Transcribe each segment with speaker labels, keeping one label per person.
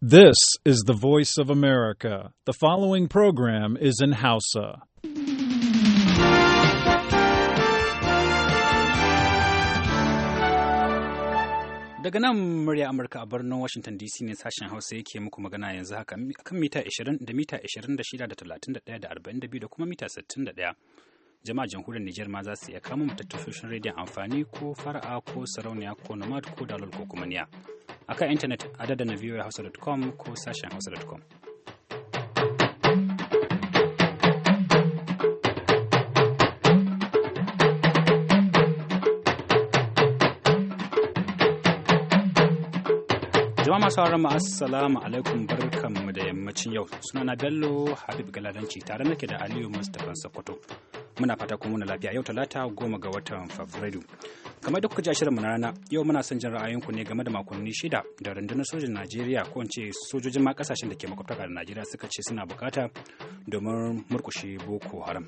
Speaker 1: This is the voice of America. The following program is in Hausa.
Speaker 2: Daga nan murya Amurka a birnin Washington DC ne sashen Hausa yake muku magana yanzu haka kan mita 20 da mita 26 da 31 da 42 da kuma mita 61. jama'a jamhuriyar Nijar ma za su iya kama matattafoshin rediyon amfani ko fara'a ko sarauniya ko nomad ko dalol ko kuma niya. A kan intanet hausa dadana voahausa.com ko sashen hausa.com. jama'a masu haramu assalamu alaikum barkanmu da yammacin yau suna na bello habib galadanci tare nake da aliyu mustapha sokoto muna fata kuma muna lafiya yau talata goma ga watan fabrairu kamar da kuka ji shirinmu na rana yau muna son jin ra'ayinku ne game da makonni shida da rundunar sojin najeriya ko ce sojojin ma kasashen da ke makwabtaka da najeriya suka ce suna bukata domin murkushe boko haram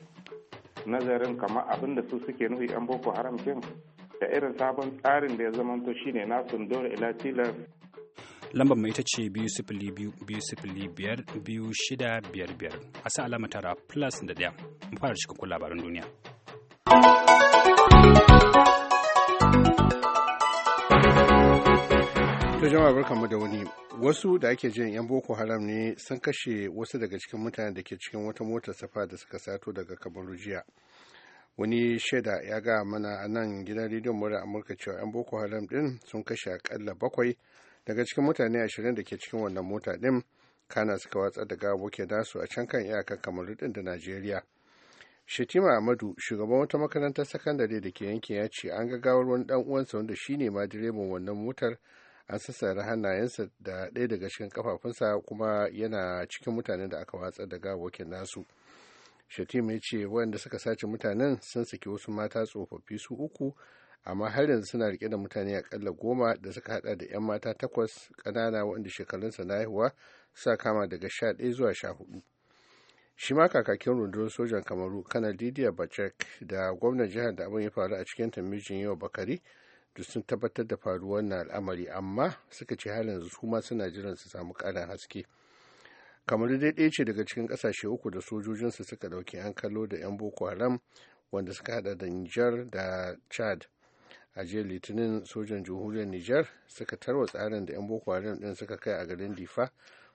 Speaker 3: nazarin kamar abin da su suke nufi yan boko haram kin da irin sabon tsarin da ya zamanto shine nasu dole ila tilas
Speaker 2: lambar mai ita ce biyu sifili biyu biyu sifili biyar biyu shida biyar biyar a sa alama tara plus da daya mu fara cikakkun labaran duniya
Speaker 4: to jama'a barkanmu da wani wasu da ake jin yan boko haram ne sun kashe wasu daga cikin mutanen da ke cikin wata motar safa da suka sato daga kamaru jiya wani shaida ya ga mana a nan gidan rediyon mura amurka cewa yan boko haram din sun kashe akalla bakwai daga cikin mutane ashirin da ke cikin wannan mota ɗin kana suka watsar da abokin nasu a can kan iyakar kamar ɗin da najeriya shatima amadu shugaban wata makarantar sakandare da ke yankin ya ce an gagawar wani dan uwansa wanda shine ma direban wannan motar an sassara hannayensa da ɗaya daga cikin kafafunsa kuma yana cikin mutanen da aka watsar da abokin nasu shatima ya ce waɗanda suka sace mutanen sun saki wasu mata tsofaffi su uku amma har yanzu suna rike da mutane akalla goma da suka hada da 'yan mata takwas kanana wanda shekarunsa na haihuwa suka kama daga sha ɗaya zuwa sha hudu shi ma kakakin rundunar sojan kamaru kanar didiya bacek da gwamnan jihar da abin ya faru a cikin tamijin yau bakari da sun tabbatar da faruwar na al'amari amma suka ce har yanzu su ma suna jiran su samu ƙarin haske kamar dai ɗaya ce daga cikin ƙasashe uku da sojojinsu suka ɗauki an kallo da 'yan boko haram wanda suka hada da niger da chad a jiya litinin sojan jamhuriyar niger suka tarwa tsarin da 'yan boko haram din suka kai a garin difa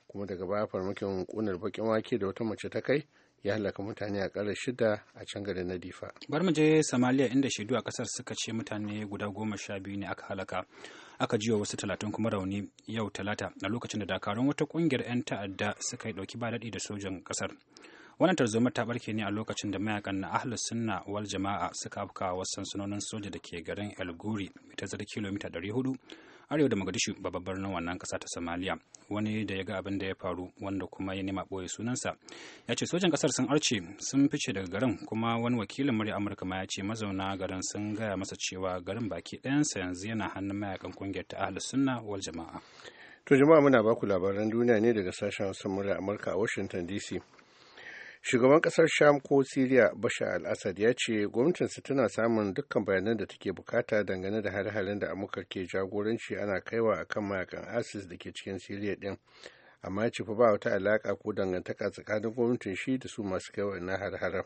Speaker 4: kuma daga baya farmakin kunar bakin wake da wata mace ta kai ya halaka mutane a ƙara shida a can garin na difa
Speaker 2: bar mu je samaliya inda shaidu a ƙasar suka ce mutane guda goma sha biyu ne aka halaka aka jiwa wasu talatin kuma rauni yau talata a lokacin da dakarun wata ƙungiyar 'yan ta'adda suka yi ɗauki ba daɗi da sojan ƙasar wannan tarzoma ta barke ne a lokacin da mayakan na ahlus sunna wal jama'a suka afka wasu sansanonin soja da ke garin el guri mai tazar kilomita 400 arewa da mogadishu babban birnin wannan kasa ta somalia wani da ya ga abin da ya faru wanda kuma ya nema boye sunansa ya ce sojan kasar sun arce sun fice daga garin kuma wani wakilin murya amurka ma ya ce mazauna garin sun gaya masa cewa garin baki ɗayansa yanzu yana hannun mayakan kungiyar ta ahlus sunna wal jama'a
Speaker 4: to jama'a muna baku labaran duniya ne daga sashen a amurka a washington dc shugaban kasar sham ko siriya bashar al-assad ya ce gwamnatinsa tana samun dukkan bayanan da take bukata dangane da hare-haren da amurka ke jagoranci ana kaiwa akan mayakan asis da ke cikin siriya din amma ya ce fa ba wata alaka ko dangantaka tsakanin gwamnatin shi da su masu na na hare-haren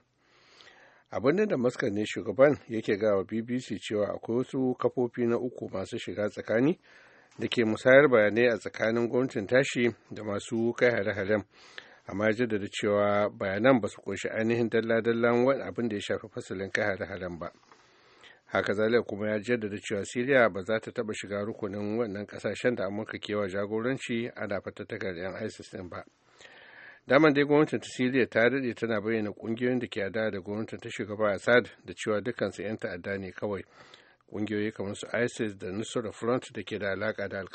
Speaker 4: abin da damaskar ne shugaban yake gawa bbc cewa akwai wasu kafofi na uku masu shiga tsakani da ke musayar bayanai a tsakanin gwamnatin tashi da masu kai hare-haren amma ya jaddada cewa bayanan ba su kunshi ainihin dalla-dallan wani abin da ya shafi fasalin kai hare-haren ba haka zalika kuma ya jaddada cewa siriya ba za ta taba shiga rukunin wannan kasashen da amurka kewa jagoranci ana gari yan isis din ba daman dai gwamnatin ta siriya ta daɗe tana bayyana ƙungiyoyin da ke adawa da gwamnatin ta shugaba assad da cewa dukansu 'yan ta'adda ne kawai ƙungiyoyi kamar su isis da nusra front da ke da alaƙa da al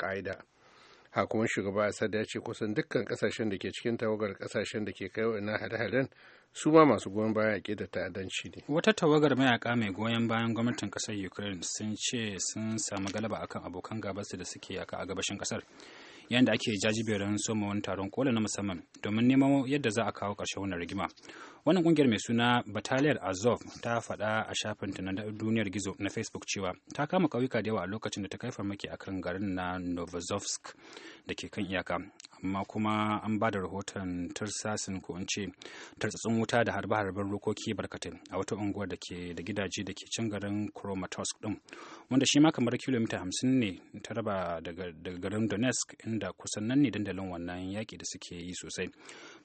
Speaker 4: hakuman shugaba Assad ya ce kusan dukkan kasashen da ke cikin tawagar kasashen da ke kai wa'ina hada-hadan su ma masu goyon bayan yaƙi da ta'addanci ne. Wata tawagar
Speaker 2: mayaka mai goyon bayan gwamnatin kasar Ukraine sun ce sun samu galaba akan abokan gabarsu da suke yaka a gabashin kasar Yayin da ake jajiberin soma wani taron kola na musamman domin neman yadda za a kawo ƙarshen wannan rigima. wannan kungiyar mai suna bataliyar azov ta faɗa a ta na duniyar gizo na facebook cewa ta kama ƙauyuka da yawa a lokacin da ta kai farmaki a kan garin na novozovsk da ke kan iyaka amma kuma an ba da rahoton tarsasin ko ce tartsatsin wuta da harbe-harben rokoki barkatai a wata unguwar da ke da gidaje da ke can garin kromatosk din wanda shi ma kamar kilomita hamsin ne ta raba daga garin donetsk inda kusan nan ne dandalin wannan yaƙi da suke yi sosai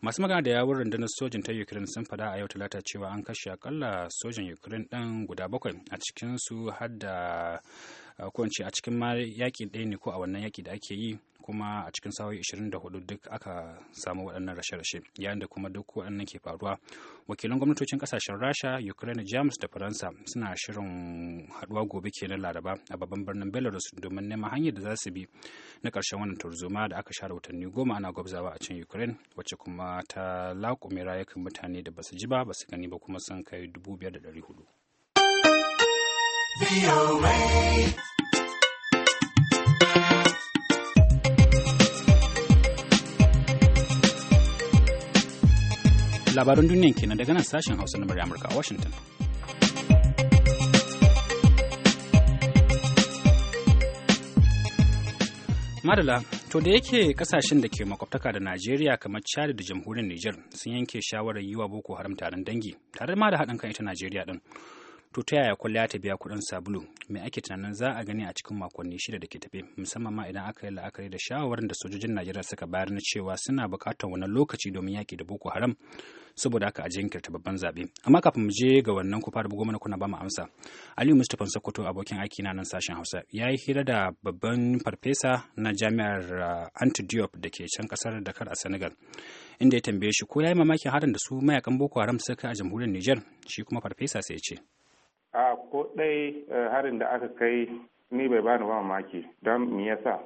Speaker 2: masu magana da yawun rundunar sojin ta ukraine sun faɗa a yau talata cewa an kashe akalla sojan ukraine ɗin guda bakwai a cikinsu har da ce a cikin ma yaƙi ɗaya ne ko a wannan yaƙi da ake yi kuma a cikin sa'o'i 24 duk aka samu waɗannan rashe-rashe yayin da kuma duk waɗannan ke faruwa wakilan gwamnatocin kasashen rasha ukraine jamus da faransa suna shirin haɗuwa gobe kenan laraba a babban birnin belarus domin neman hanyar da za su bi na karshen wannan tarzoma da aka share watanni goma ana gwabzawa a can ukraine wacce kuma ta laƙume rayukan mutane da basu ji ba basu gani ba kuma sun kai dubu biyar da ɗari hudu. labaran duniyan kenan daga nan sashen hausa na murya amurka a washington madala to da yake kasashen da ke makwabtaka da najeriya kamar chad da jamhuriyar niger sun yanke shawarar yi wa boko haram taron dangi tare ma da haɗin kan ita najeriya din to ta yaya kwalliya ta biya kuɗin sabulu me ake tunanin za a gani a cikin makonni shida da ke tafe musamman ma idan aka yi la'akari da shawarar da sojojin najeriya suka bayar na cewa suna bukatar wani lokaci domin yaƙi da boko haram saboda haka a jinkirta babban zaɓe amma kafin mu je ga wannan ku fara mana kuna ba mu amsa aliyu mustapha sokoto abokin aiki na nan sashen hausa ya yi hira da babban farfesa na jami'ar uh, antidiop da ke can ƙasar dakar a senegal inda ya tambaye shi ko ya yi mamakin harin da su mayakan boko haram suka a jamhuriyar niger shi kuma farfesa sai ce
Speaker 3: a ko ɗai eh, harin da aka kai ni bai bani ba mamaki don me yasa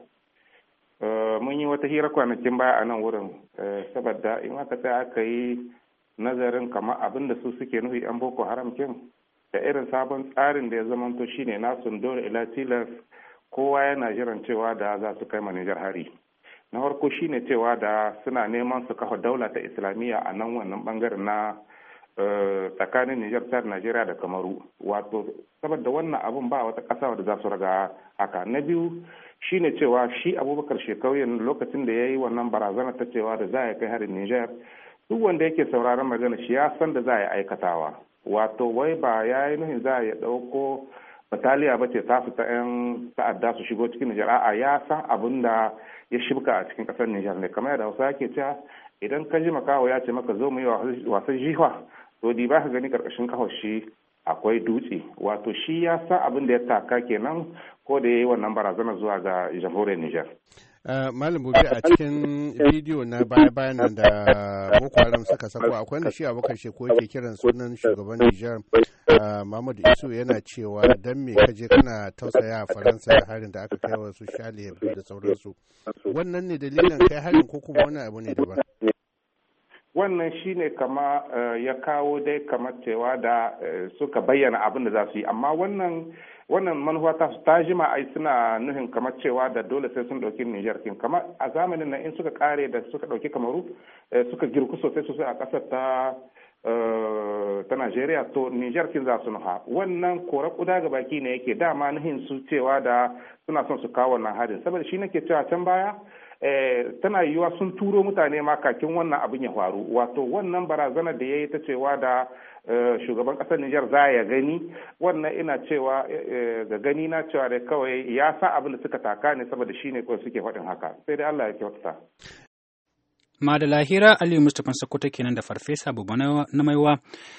Speaker 3: eh, mun yi wata hira kwanakin baya a nan wurin eh, saboda in aka tsaya aka yi nazarin kamar abin da su suke nufi yan boko haram kin da irin sabon tsarin da ya zamanto shine nasun dole ila tilas kowa yana jiran cewa da za su kai manijar hari na farko shine cewa da suna neman su kafa daula ta islamiyya a nan wannan bangaren na Eh, tsakanin Nijar, Chad, Najeriya da Kamaru. Wato, saboda wannan abun ba wata kasa wadda za su raga haka. Na biyu shine cewa shi Abubakar Shekauyen lokacin da ya yi wannan barazana ta cewa da za a kai harin Nijar, duk wanda yake sauraron magana shi ya san da za a yi aikatawa. Wato, wai ba ya yi nuhin za a yi ɗauko bataliya ba ce ta su 'yan ta'adda su shigo cikin Nijar, a'a ya san abin da ya shibka a cikin ƙasar Nijar ne. Kamar yadda Hausa ke cewa idan ka ji makawa ya ce maka zo mu yi wasan jihwa. to di ba ka gani karkashin kahoshi akwai dutse wato shi ya sa abin da ya taka kenan ko da ya yi wannan barazana zuwa ga jamhuriyar Nijar.
Speaker 4: Eh, Malam Bobi a cikin bidiyo na baya-bayan da Boko Haram suka sako akwai wanda shi abokan ko yake kiran sunan shugaban Nijar eh, Mahmud Isu yana cewa dan me ka je kana tausaya a Faransa da harin da aka kai wa su da sauransu. Wannan ne dalilin kai harin ko kuma wani abu ne daban.
Speaker 3: wannan shi ne kama eh, ya kawo dai kamar cewa da eh, suka bayyana abin da za su yi amma wannan wannan ta su ta jima ai suna nuhin kamar cewa da dole sai sun dauki Niger kin kamar a zamanin nan in suka kare da suka dauki Kamaru eh, suka girku sosai sosai a kasar ta ta Najeriya to Niger kin za su nuha wannan kora kuda ga baki ne yake dama nuhin su cewa da suna son su kawo wannan harin saboda shi nake cewa can baya Eh, tana yiwuwa sun turo mutane ma kakin wannan abin ya faru wato wannan barazana da ya yi ta cewa da eh, shugaban ƙasar Nijar za ya gani wannan ina cewa eh, ga gani na cewa da kawai ya sa abin da suka taka ne saboda shine ne kawai suke faɗin haka sai dai Allah ya kyautata.
Speaker 2: da lahira Aliyu Mustapha Sokoto kenan da Farfesa babban na Maiwa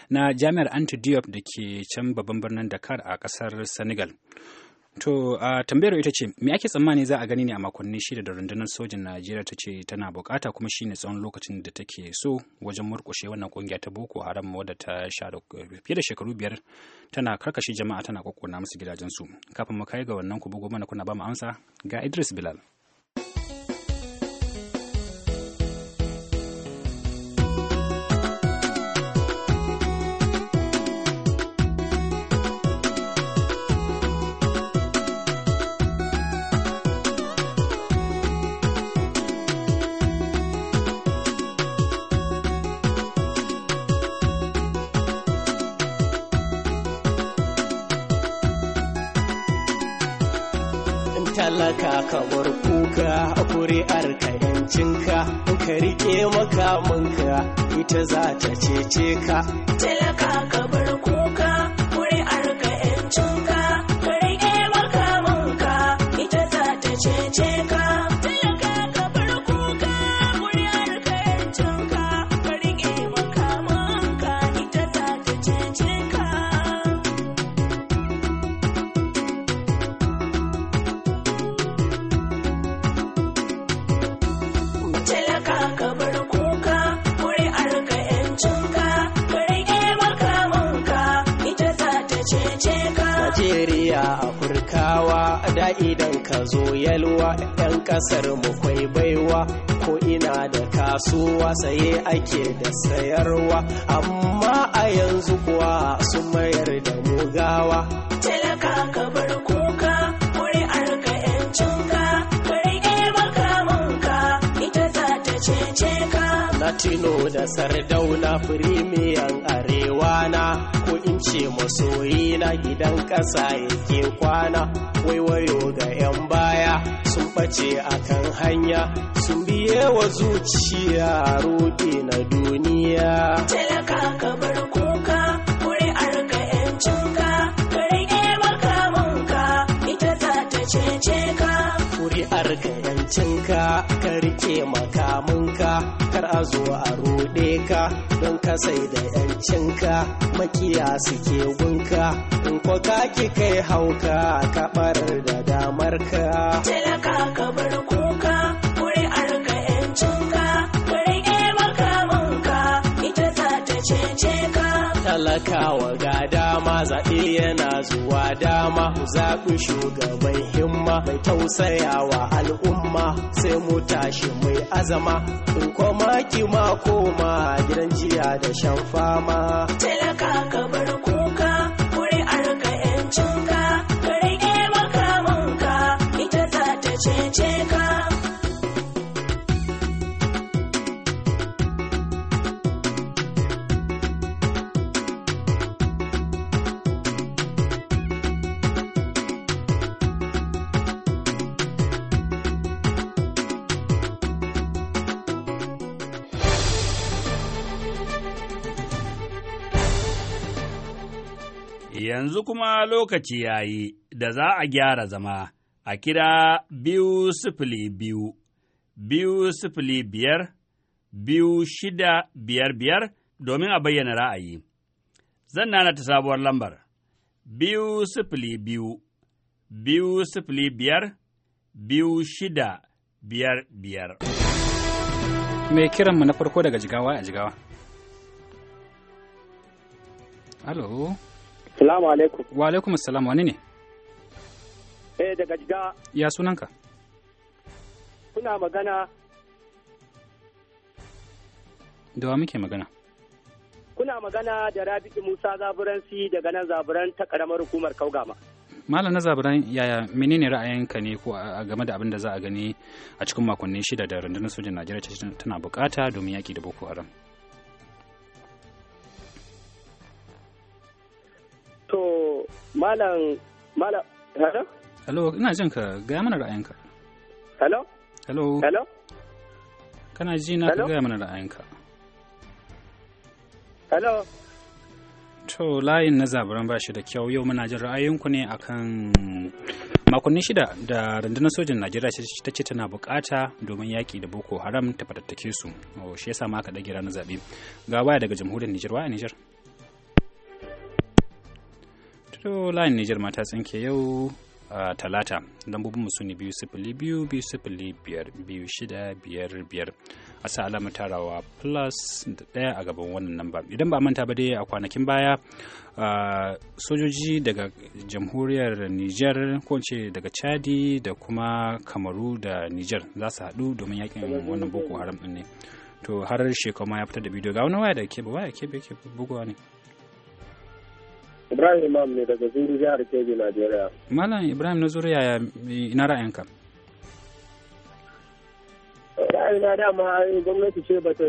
Speaker 2: na Jami'ar Antidiop da ke can babban birnin Dakar a kasar Senegal. To uh, tambayar ita ce me ake tsammani za a gani ne a makonni shida da rundunar sojin Najeriya ta ce tana bukata kuma shine tsawon lokacin da take so wajen murkushe wannan kungiya ta Boko Haram wadda ta sha fiye da shekaru biyar tana karkashe jama'a tana kokona musu su Kafin mu kai ga wannan ku bugo mana kuna ba mu amsa ga Idris Bilal.
Speaker 5: ka bar kuka a kuri'ar ka in ka rike makamanka ita za ta cece ka
Speaker 1: talaka ka bar
Speaker 5: zo yalwa yan kasar mu kwai baiwa ko ina da kasuwa saye ake da sayarwa amma a yanzu kuwa su mayar da mu gawa talaka ka bar kuka kuri'ar ka yancinka
Speaker 1: ka rike makamanka ita za ta cece ka
Speaker 5: latino da sardauna firimiyan ce masoyi na gidan ƙasa yake kwana waiwayo ga 'yan baya sun ɓace kan hanya sun biye wa zuciya roƙe na duniya talaka kamar cinka ka rike makaminka kar a zo a ruɗe ka don ka sai da yancinka makiya suke gunka in ko ka ki kai hauka ka barar da damar ka. talaka
Speaker 1: ka bar kuka kuri'ar ka yancinka ka makamun
Speaker 5: ka ita za ta cece ka talakawa gada zaɓe yana zuwa dama zaɓi shugaban himma mai tausayawa al'umma sai mu tashi mai azama in koma ma koma gidan jiya da shan fama talaka
Speaker 1: kamar
Speaker 2: yanzu kuma lokaci ya yi da za a gyara zama a kira biyu
Speaker 6: sifili biyu, biyu sifili biyar, biyu shida biyar biyar domin a bayyana ra'ayi. Zan nana ta sabuwar lambar, biyu sifili biyu, biyu sifili biyar, biyu
Speaker 2: shida biyar biyar. Mai kiranmu na farko daga jigawa a jigawa. Halo. Salamu alaikum. Wa alaikum assalam wani ne?
Speaker 6: Eh daga jida. Ya sunanka? Kuna magana.
Speaker 2: Da wa muke magana?
Speaker 6: Kuna magana da Rabi'u Musa Zaburansi daga nan Zaburan ta karamar hukumar Kaugama.
Speaker 2: Malam na Zaburan yaya menene ra'ayinka ne ko a game da abin da za a gani a cikin makonni shida da rundunar sojin Najeriya tana bukata domin yaki da Boko Haram?
Speaker 6: Malam malam hello?
Speaker 2: Hello, ina jin ka gaya mana ra'ayinka. Hello? Hello? Hello? Kana ji na ka gaya mana ra'ayinka. Hello? To layin na zaburan ba shi da kyau yau muna jin ra'ayinku ne akan makonni shida da rundunar sojin Najeriya ta ce tana bukata domin yaƙi da Boko Haram ta fatattake su. Oh, shi yasa ma aka ɗage ranar zaɓe. Ga waya daga jamhuriyar Nijar, waya Nijar. to layin nijar ma ta tsinke yau a talata lambobin mu ne biyu sifili biyu biyu sifili biyar biyu shida biyar biyar a sa alamar tarawa plus daya ɗaya a gaban wannan namba idan ba manta ba dai a kwanakin baya sojoji daga jamhuriyar niger ko ce daga chadi da kuma kamaru da niger za su haɗu domin yakin wannan boko haram ɗin ne to har shekau ma ya fitar da bidiyo ga wani waya da ke ba waya ke bugowa ne
Speaker 6: Ibrahim Imam ne daga Zuru jihar Kebbi, Najeriya.
Speaker 2: Malam Ibrahim na Zuru yaya ina ra'ayinka?
Speaker 6: na dama gwamnati ce ba ta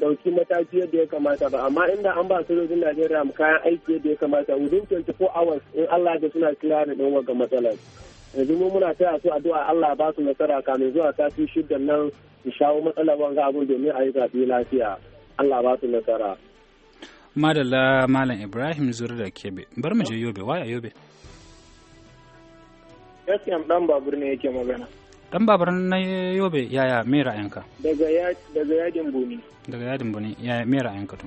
Speaker 6: ɗauki mataki yadda ya kamata ba, amma inda an ba sojojin Najeriya kayan aiki yadda ya kamata, within 24 hours in Allah da suna kira da ɗan ga matsalar. yanzu mu muna taya su addu'a Allah ba su nasara kamin zuwa sati shidda nan su shawo matsalar wanga abu domin a yi zaɓe lafiya Allah ba su nasara.
Speaker 2: madalla malam ibrahim zuru da kebe bar mu je yobe waya yobe
Speaker 6: gaskiya dan babur ne yake magana
Speaker 2: dan babur na yobe yaya me ra'ayinka
Speaker 6: daga daga yadin buni
Speaker 2: daga yadin buni yaya me ra'ayinka to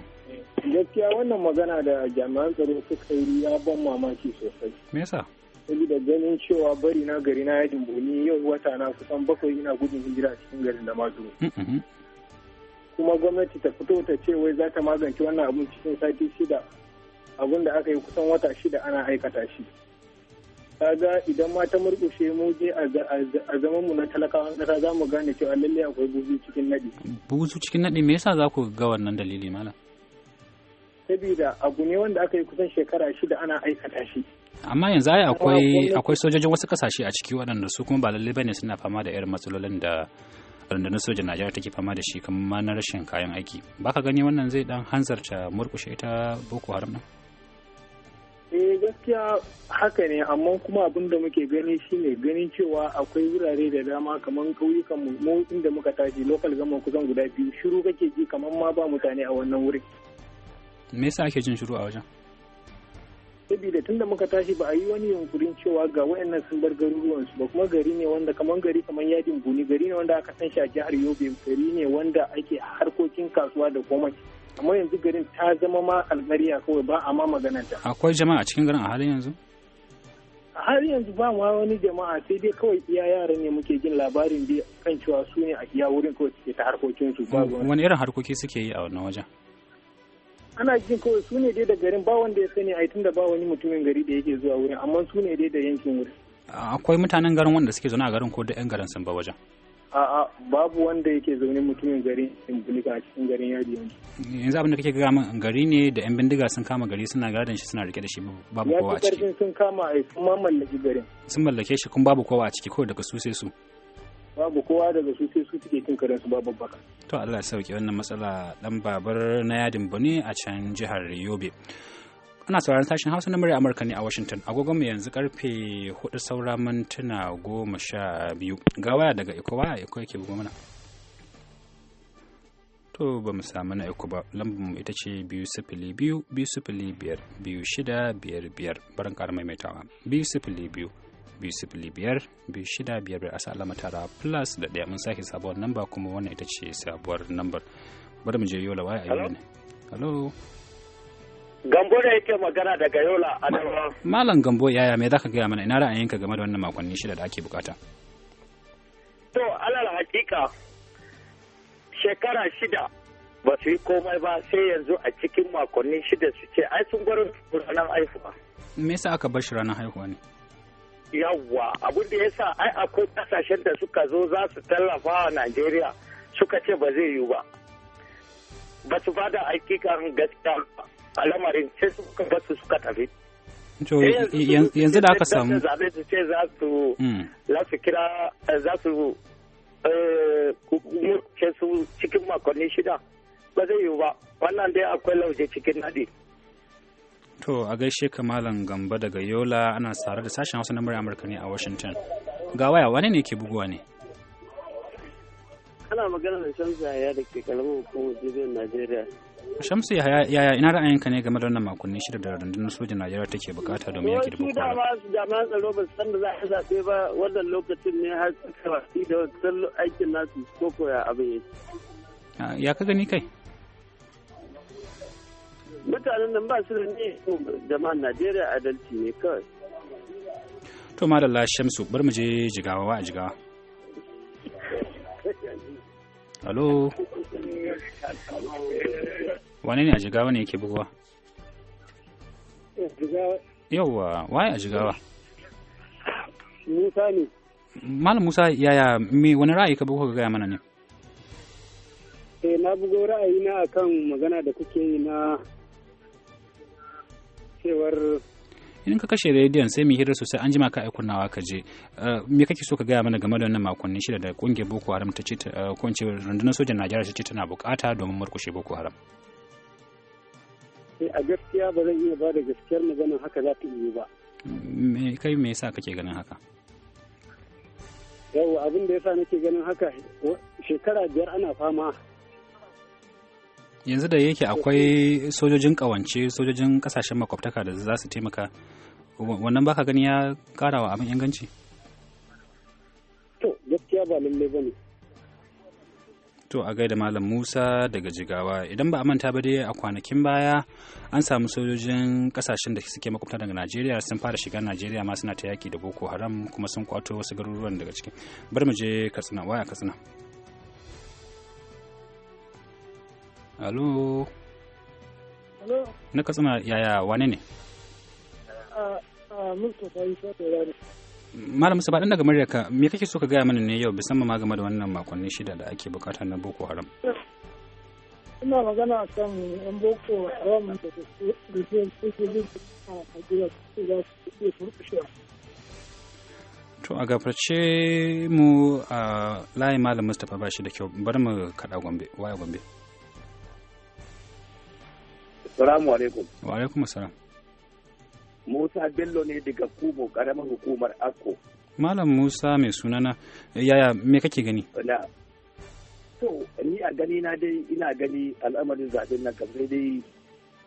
Speaker 6: gaskiya wannan magana da jami'an tsaro suka yi ya ban mamaki sosai me yasa saboda ganin cewa bari na gari na yadin buni yau wata na kusan bakwai ina gudun hijira cikin garin da maturu mm-hmm. kuma gwamnati ta fito ta ce wai za ta magance wannan abun cikin sati shida abun da aka yi kusan wata shida ana aikata shi kaga idan ma ta murƙushe mu je a zaman mu na talakawan ƙasa za mu gane cewa lalle akwai buzu cikin nadi
Speaker 2: buzu cikin nadi me yasa za ku ga wannan dalili malam
Speaker 6: sabida abu ne wanda aka yi kusan shekara shida ana aikata shi
Speaker 2: amma yanzu ai akwai akwai sojojin wasu kasashe a ciki waɗanda su kuma ba lalle bane suna fama da irin matsalolin da rundunar sojan najeriya take fama da shi kamar na rashin kayan aiki baka gani wannan zai dan hanzarta murkushe ita boko haram nan
Speaker 6: eh gaskiya haka ne amma kuma abin da muke gani shine ganin cewa akwai wurare da dama kamar ƙauyukan mu inda muka tashi lokal gama kusan guda biyu shiru kake ji kamar ma ba mutane a wannan wurin
Speaker 2: me yasa ake jin shiru a wajen
Speaker 6: saboda tunda muka tashi ba a yi wani yunkurin cewa ga wayannan sun bar garuruwan su ba kuma gari ne wanda kamar gari kamar yadin buni gari ne wanda aka san shi a jihar Yobe gari ne wanda ake harkokin kasuwa da komai amma yanzu garin ta zama ma algariya kawai ba a ma magananta
Speaker 2: akwai jama'a cikin garin a halin yanzu
Speaker 6: a har yanzu ba ma wani jama'a sai dai kawai iya yaran ne muke jin labarin kan cewa su ne a iya wurin kawai suke ta harkokinsu. wani
Speaker 2: irin harkoki suke yi a wannan wajen
Speaker 6: ana jin kawai su ne dai da garin ba wanda ya sani a tun da ba wani mutumin gari da yake zuwa wurin amma su ne dai da yankin wurin
Speaker 2: akwai mutanen garin wanda suke zaune a garin ko da yan garin sun ba wajen
Speaker 6: a'a babu wanda yake zaune mutumin garin in bindiga a cikin garin yadi yanzu
Speaker 2: yanzu abin da kake gaya min gari ne da yan bindiga sun kama gari suna gadon shi suna rike da shi babu kowa a ciki
Speaker 6: sun kama ai sun mallaki garin
Speaker 2: sun mallake shi kun babu kowa a ciki kawai daga su sai su
Speaker 6: babu kowa daga su sai su suke cin karensu babu baka.
Speaker 2: To Allah sauke wannan matsala dan babar na yadin bane a can jihar Yobe. Ana sauraron sashen Hausa na murya Amurka ne a Washington. Agogon mu yanzu karfe hudu saura mintuna goma sha biyu. Ga waya daga waya Iko yake bugo mana. To ba mu samu na Iko ba. Lambar mu ita ce biyu sifili biyu biyu sifili biyar biyu shida biyar biyar. Barin ƙara maimaitawa. Biyu sifili biyu biyu biyu sifili biyar biyar shida biyar a sa alama tara plus da ɗaya mun sake sabuwar namba kuma wannan ita ce sabuwar nambar bari mu je yola waya a yola
Speaker 6: hello gambo da yake magana daga yola a adamawa
Speaker 2: malam gambo yaya me zaka gaya mana ina ra'ayin ka game da wannan makonni shida da ake bukata
Speaker 6: to alal hakika shekara shida ba su yi komai ba sai yanzu a cikin makonni shida su ce ai sun gwarin ranar haihuwa
Speaker 2: me yasa aka bar shi ranar haihuwa ne
Speaker 6: yawwa abin da ya sa ai akwai kasashen da suka zo za su tallafa a najeriya suka ce ba zai yi ba ba su ba da hakikan gaskiya a lamarin sai suka ba su suka tafi
Speaker 2: yanzu da aka samu zaɓe
Speaker 6: su ce za su za mm. kira za su eh, eh, murce su cikin makonni shida ba zai yi ba wannan dai akwai lauje cikin nadi
Speaker 2: To a gaishe ka Malam Gamba daga Yola ana tsare da sashen Hausa na Amurka ne a Washington. Ga waya wani ne ke buguwa ne?
Speaker 6: Ana magana da Shamsu ya da ke kalamin hukumar jirgin Najeriya.
Speaker 2: Shamsu Yaya ina ra'ayinka ne game da wannan makonni shida da rundunar sojin Najeriya take bukata domin yaki da
Speaker 6: bukwa. dama su dama tsaro ba san da za a zaɓe ba wannan lokacin ne har suka wasi da wasu aikin nasu ko koya abin
Speaker 2: ya. Ya ka gani kai?
Speaker 6: mutanen nan ba su da ne jama'an najeriya adalci ne kawai
Speaker 2: to madalla shamsu bar mu je jigawa wa a jigawa halo wane ne a jigawa ne yake bugawa yauwa waye a jigawa musa ne malam musa yaya me wani ra'ayi ka buga gaya mana ne
Speaker 6: eh na bugo ra'ayi na akan magana da kuke yi na cewar
Speaker 2: in ka kashe rediyon sai mu hira sosai an jima ka aikun nawa ka je eh, me kake so ka gaya mana game da wannan makonni shida da kungiyar boko haram ta ce eh, ko in ce rundunar sojan najeriya ta ce tana bukata domin murkushe boko haram
Speaker 6: eh, a gaskiya ba zan iya ba da gaskiyar maganin haka za ta yi ba
Speaker 2: mm, kai me yasa kake ganin haka
Speaker 6: yau abin da yasa nake ganin haka shekara biyar ana fama
Speaker 2: yanzu da yake akwai sojojin kawance sojojin kasashen makwabtaka da za su taimaka wannan baka gani ya kara wa abin inganci to a gaida malam musa daga jigawa idan ba a manta ba dai a kwanakin baya an samu sojojin kasashen da suke makwabta daga najeriya sun fara shiga najeriya ma suna ta yaki da boko haram kuma sun kwato wasu garuruwan daga ciki bar mu je katsina waya katsina Alo. Alo. Na katsina yaya wane ne? Malam Musa ba ɗan daga murya ka me kake so ka gaya mana ne yau bisan ma game da wannan makonni shida da ake bukata na Boko Haram.
Speaker 6: Ina magana kan yan Boko Haram da a Najeriya su su
Speaker 2: To a gafarce mu a layi Malam Mustapha ba shi da kyau bari mu kaɗa Gombe, waya Gombe.
Speaker 6: Salamu alaikum.
Speaker 2: Wa alaikum salam.
Speaker 6: Musa Bello ne daga Kubo karamar hukumar Akko.
Speaker 2: Malam Musa mai sunana yaya me kake gani?
Speaker 6: Na. So, ni a gani na dai ina gani al'amarin zaɓen nan kamar dai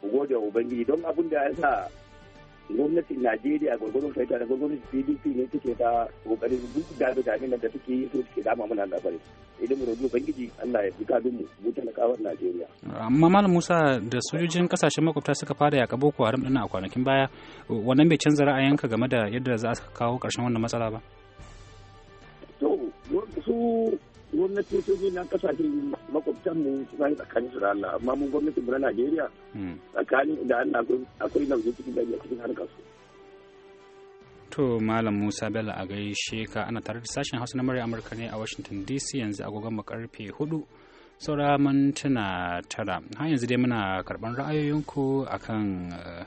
Speaker 6: gode Ubangiji don abin da ya sa gwamnatin najeriya gwagwarin fahimta da gwagwarin pdp ne suke ta kokarin duk da mutane da suke yi so suke dama mana labarin idan mu rubu bangiji allah ya fi kadun mu mu talakawar najeriya
Speaker 2: amma malam musa da sojojin kasashen makwabta suka fara yaƙa boko haram ɗin a kwanakin baya wannan bai canza ra'ayinka game da yadda za a kawo ƙarshen wannan matsala ba
Speaker 6: to su gwamnatin gwamnatoci na kasashen makwabtan mu suna yi tsakanin su da Allah amma mun gwamnati mu na Najeriya hmm. tsakanin da Allah akwai nauyi cikin daji a cikin harkar su.
Speaker 2: To Malam Musa Bello a gaishe ka ana tare da sashen Hausa na murya Amurka ne a Washington DC yanzu agogon makarfe hudu saura mintuna tara har yanzu dai muna karban ra'ayoyinku akan eh,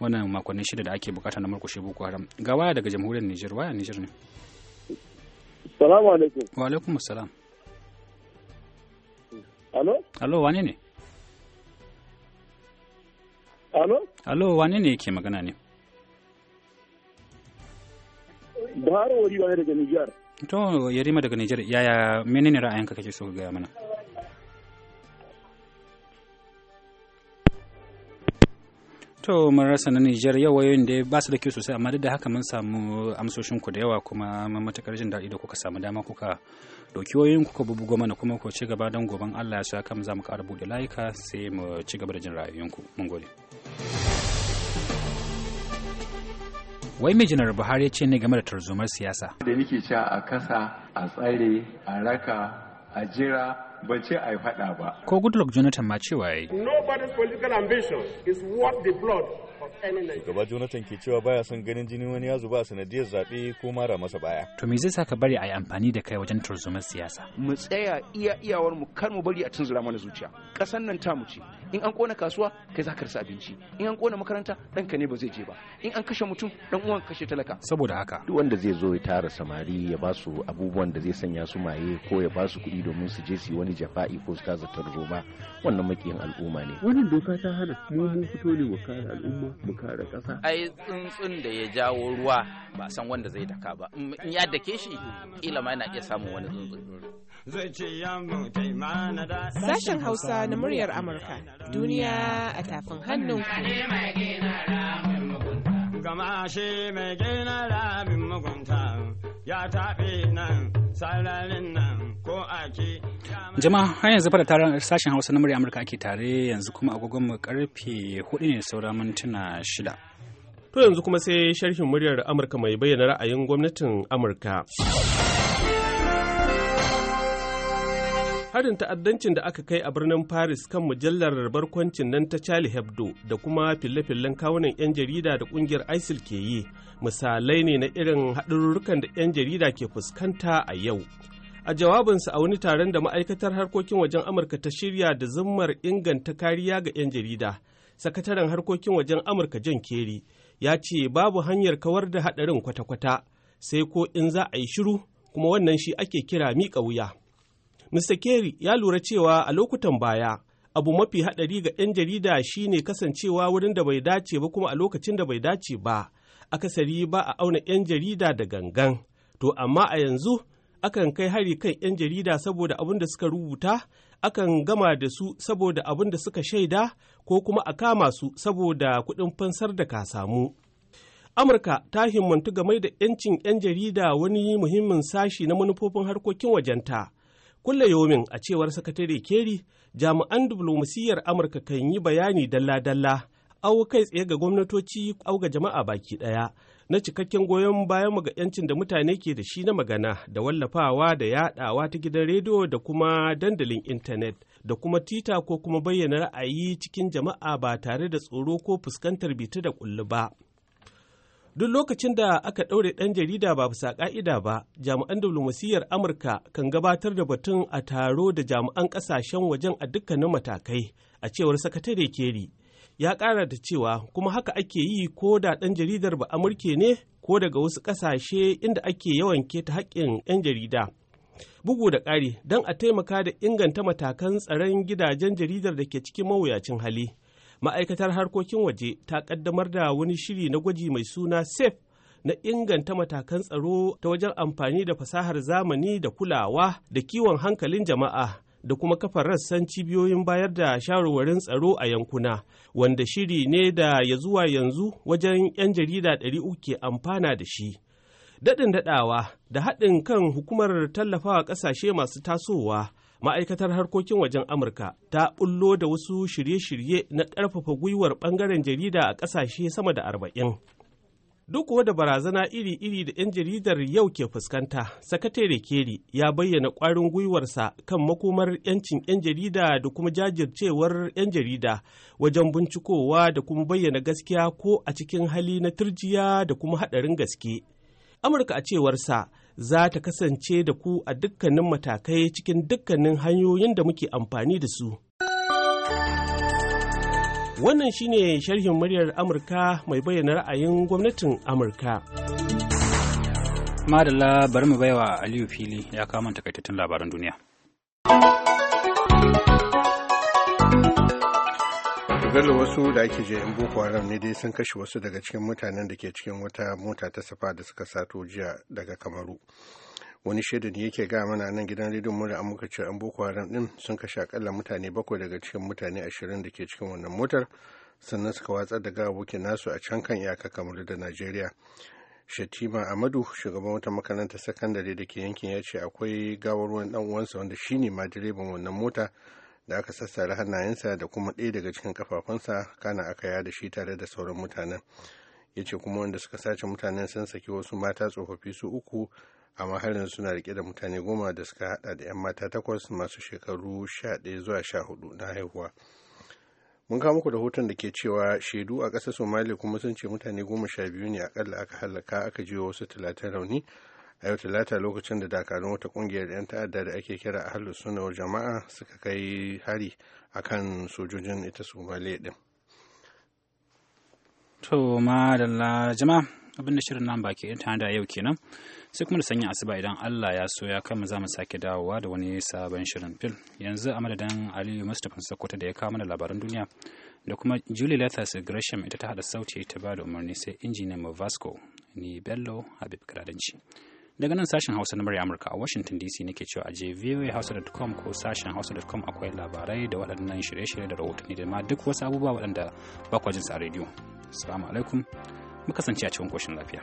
Speaker 2: wannan makonni shida da ake bukata na murkushe boko haram ga waya daga jamhuriyar Nijar waya Nijar ne. Salamu alaikum. Wa alaikum salam. Alo? Alo, wane ne? Alo? Alo, wane ne yake magana ne?
Speaker 6: Buhari wari ne daga Nijar.
Speaker 2: To, Yarima daga Nijar, yaya menene ra'ayinka kake so gaya mana? to mun rasa na Nijar yau wayoyin da ba su da kyau sosai amma duk da haka mun samu amsoshin ku da yawa kuma mun matakar jin daɗi da kuka samu dama kuka doki wayoyin kuka goma mana kuma ku ci gaba don goben Allah ya sa kam za mu ƙara buɗe layuka sai mu ci gaba da jin ku mun gode. wai mai janar buhari ce ne game da tarzomar siyasa da nake cewa a kasa a
Speaker 6: tsare a raka a jira ba ce a yi faɗa ba.
Speaker 2: Ko Goodluck Jonathan ma cewa ya
Speaker 6: yi. Nobody's political ambition is worth the blood Shugaba Jonathan ke
Speaker 2: cewa baya son ganin
Speaker 6: jini wani ya zuba sanadiyar zaɓe ko mara masa baya.
Speaker 2: To me zai saka bari a yi amfani da kai wajen turzumar siyasa?
Speaker 6: Mu tsaya iya iyawar mu kar mu bari a tunzura mana zuciya. Ƙasan nan ta mu ce. In an kona kasuwa kai za ka rasa abinci. In an kona makaranta ɗan ka ne ba zai je ba. In an kashe mutum ɗan uwan kashe talaka. Saboda haka. Duk wanda zai zo ya tara samari ya ba su abubuwan da zai sanya su maye ko ya ba su kuɗi domin su je su yi wani jafa'i ko su kaza tarzoma wannan makiyin al'umma ne.
Speaker 7: Wannan doka ta hana mu fito ne wa kare al'umma mu da ai
Speaker 2: tsuntsun da ya jawo ruwa ba san wanda zai daka ba in ya dake shi kila ma yana iya
Speaker 6: samun wani tsuntsun Sashen Hausa na muryar Amurka, duniya a tafin hannun ku. Gama shi mai gina rabin mugunta. ya
Speaker 2: taɓe nan sararin nan ko ake jama'a har yanzu fara taron sashen hausa na murya amurka ake tare yanzu kuma agogon mu karfe hudu ne saura mintuna shida
Speaker 7: to yanzu kuma sai sharhin muryar amurka mai bayyana ra'ayin gwamnatin amurka
Speaker 1: harin ta'addancin
Speaker 7: da aka kai a birnin paris kan mujallar barkwancin nan ta charlie hebdo da kuma fille-fillen kawunan 'yan jarida da kungiyar isil ke yi misalai ne na irin haɗarurrukan da 'yan jarida ke fuskanta a yau a jawabinsa a wani taron da ma'aikatar harkokin wajen amurka ta shirya da zummar inganta kariya ga 'yan jarida sakataren harkokin wajen amurka john kerry ya ce babu hanyar kawar da haɗarin kwata-kwata sai ko in za a yi shiru kuma wannan shi ake kira miƙa wuya. Mr. Kerry ya lura cewa a lokutan baya abu mafi haɗari ga 'yan jarida shine kasancewa wurin da bai dace ba kuma a lokacin da bai dace ba akasari ba a auna 'yan jarida da gangan to amma a yanzu akan kai hari kan 'yan jarida saboda abin da suka rubuta akan gama da su saboda abin da suka shaida ko kuma a kama su saboda kuɗin fansar da ka samu amurka ta himmantu game da 'yancin 'yan jarida wani muhimmin sashi na manufofin harkokin wajenta. kulle yomin a cewar sakatare keri jami'an diflomasiyyar amurka kan yi bayani dalla-dalla au kai tsaye ga gwamnatoci au ga jama'a baki ɗaya na cikakken goyon bayan ga 'yancin da mutane ke da shi na magana da wallafawa da yaɗawa ta gidan rediyo da kuma dandalin intanet da kuma tita ko kuma bayyana ra'ayi cikin jama'a ba tare da tsoro ko fuskantar bita da kullu ba Duk lokacin da aka ɗaure ɗan jarida ba bisa ƙa'ida ba, jami'an diflomasiyyar Amurka kan gabatar da batun a taro da jami'an ƙasashen wajen a dukkanin matakai, a cewar sakatare Keri. Ya ƙara da cewa kuma haka ake yi ko da ɗan jaridar ba Amurke ne ko daga wasu ƙasashe inda ake yawan keta haƙƙin 'yan jarida. Bugu da ƙari don a taimaka da inganta matakan tsaron gidajen jaridar da ke cikin mawuyacin hali. ma'aikatar harkokin waje ta kaddamar da wani shiri na gwaji mai suna safe na inganta matakan tsaro ta wajen amfani da fasahar zamani da kulawa da kiwon hankalin jama'a da kuma kafa rassan cibiyoyin bayar da shawarwarin tsaro a yankuna wanda shiri ne da ya zuwa yanzu wajen 'yan jarida ɗari 300 ke amfana da shi daɗin daɗawa da haɗin kan hukumar tallafawa ƙasashe masu tasowa ma'aikatar harkokin wajen amurka ta bullo da wasu shirye-shirye na ƙarfafa gwiwar ɓangaren jarida a ƙasashe sama da arba'in duk kuwa da barazana iri-iri da 'yan jaridar yau ke fuskanta sakatare keri ya bayyana ƙwarin gwiwarsa kan makomar 'yancin 'yan jarida da kuma jajircewar 'yan jarida wajen bincikowa da kuma bayyana gaskiya ko a cikin hali na turjiya da kuma haɗarin gaske amurka a cewarsa za ta kasance da ku a dukkanin matakai cikin dukkanin hanyoyin da muke amfani da su. Wannan shine sharhin muryar Amurka mai bayyana ra'ayin gwamnatin Amurka. Madalla bari mu baiwa Aliyu Fili ya
Speaker 4: kama takaitattun labaran duniya. bello wasu da ake je in boko haram ne dai sun kashe wasu daga cikin mutanen da ke cikin wata mota ta safa da suka sato jiya daga kamaru wani shaida ne yake ga mana nan gidan rediyon mura muka cewa an boko haram din sun kashe akalla mutane bakwai daga cikin mutane ashirin da ke cikin wannan motar sannan suka watsar da gawawakin nasu a can kan iyaka kamaru da najeriya shatima amadu shugaban wata makarantar sakandare da ke yankin ya ce akwai gawar wani dan uwansa wanda shine ma direban wannan mota da aka sassare hannayensa da kuma ɗaya daga cikin kafafunsa kana aka yada shi tare da sauran mutanen ya ce kuma wanda suka sace mutanen sun saki wasu mata tsofaffi su uku amma har suna rike da mutane goma da suka hada da 'yan mata takwas masu shekaru sha 11 zuwa sha hudu na haihuwa mun kawo muku da hoton da ke cewa shaidu a ƙasar somali kuma sun ce mutane goma sha biyu ne akalla aka halaka aka jiwa wasu talatin rauni a yau talata lokacin da dakarun wata kungiyar 'yan ta'adda da ake kira halin sunawar jama'a suka kai hari a kan sojojin ita somaliya din
Speaker 2: to madalla jama'a abinda shirin nan baki tana da yau kenan sai kuma da sanyin asuba idan Allah ya so ya kama za mu sake dawowa da wani sabon shirin fil yanzu a madadin Aliyu Mustapha sakkwata da ya kawo mana labaran duniya da kuma Julie Lathas Gresham ita ta hada sauti ta ba da umarni sai injiniyan mu Vasco ni Bello Habib karadanci. daga nan sashen hausa na murya amurka a washington dc nake cewa aje voahausa.com ko sashen hausa.com akwai labarai da waɗannan shirye-shirye da rahotanni da ma duk wasu abubuwa waɗanda ba kwa sa a rediyo salamu alaikum mu kasance a cikin koshin lafiya